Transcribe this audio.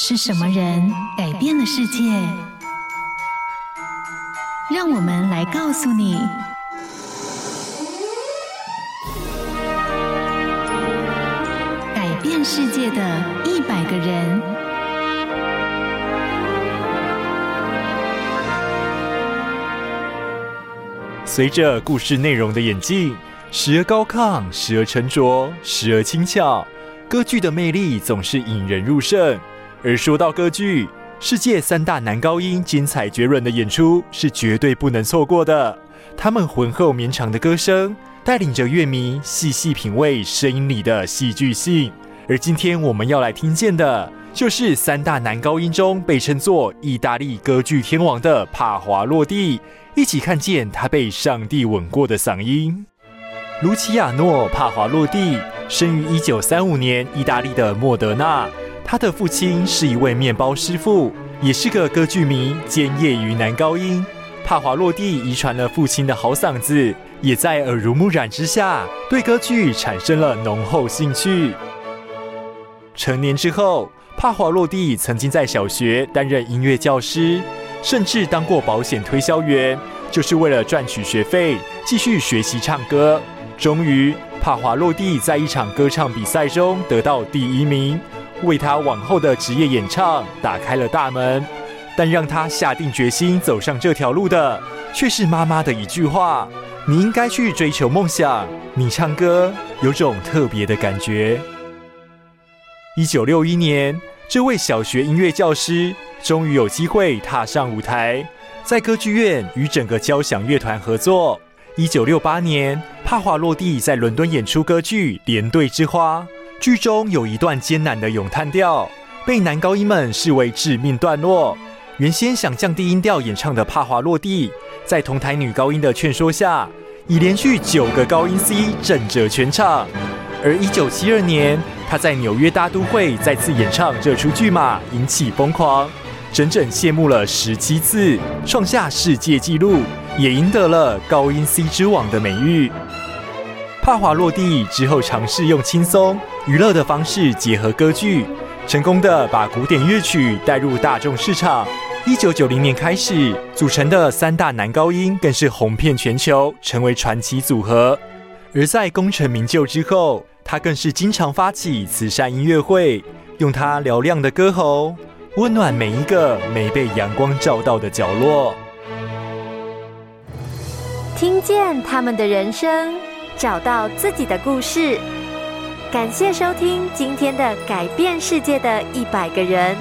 是什麼人改變了世界？讓我們來告訴你：改變世界的一百個人。隨着故事內容的演進，時而高亢，時而沉着，時而輕巧，歌劇的魅力總是引人入勝。而說到歌劇，世界三大男高音精彩絕倫的演出是絕對不能錯過的。他們渾厚綿長的歌聲，帶領着樂迷細細品味聲音裡的戲劇性。而今天我們要來聽見的，就是三大男高音中被稱作“意大利歌劇天王”的帕華洛蒂。一起看見他被上帝吻過的嗓音。盧奇亞諾·帕華洛蒂生於一九三五年意大利的莫德納。他的父親是一位麵包師傅，也是個歌劇迷兼業餘男高音。帕華洛蒂遺傳了父親的好嗓子，也在耳濡目染之下對歌劇產生了濃厚興趣。成年之後，帕華洛蒂曾經在小學擔任音樂教師，甚至當過保險推銷員，就是為了賺取學費繼續學習唱歌。終於，帕華洛蒂在一場歌唱比賽中得到第一名。為他往後的職業演唱打開了大門，但讓他下定決心走上這條路的，卻是媽媽的一句話：“你應該去追求夢想，你唱歌有種特別的感覺。”一九六一年，這位小學音樂教師終於有機會踏上舞台，在歌劇院與整個交響樂團合作。一九六八年，帕華洛帝在倫敦演出歌劇《連隊之花》。劇中有一段艱難的詠嘆調，被男高音們視為致命段落。原先想降低音調演唱的帕華洛帝，在同台女高音的勸說下，以連續九個高音 C 震懾全場。而一九七二年，他在紐約大都會再次演唱，這齣劇碼，引起瘋狂，整整謝幕了十七次，創下世界紀錄，也贏得了“高音 C 之王”的美譽。帕華洛帝之後，嘗試用輕鬆娛樂的方式結合歌劇，成功的把古典樂曲帶入大眾市場。一九九零年開始組成的三大男高音更是紅遍全球，成為傳奇組合。而在功成名就之後，他更是經常發起慈善音樂會，用他嘹亮的歌喉溫暖每一個沒被陽光照到的角落。聽見他們的人生。找到自己的故事。感謝收聽今天的《改變世界的一百個人》。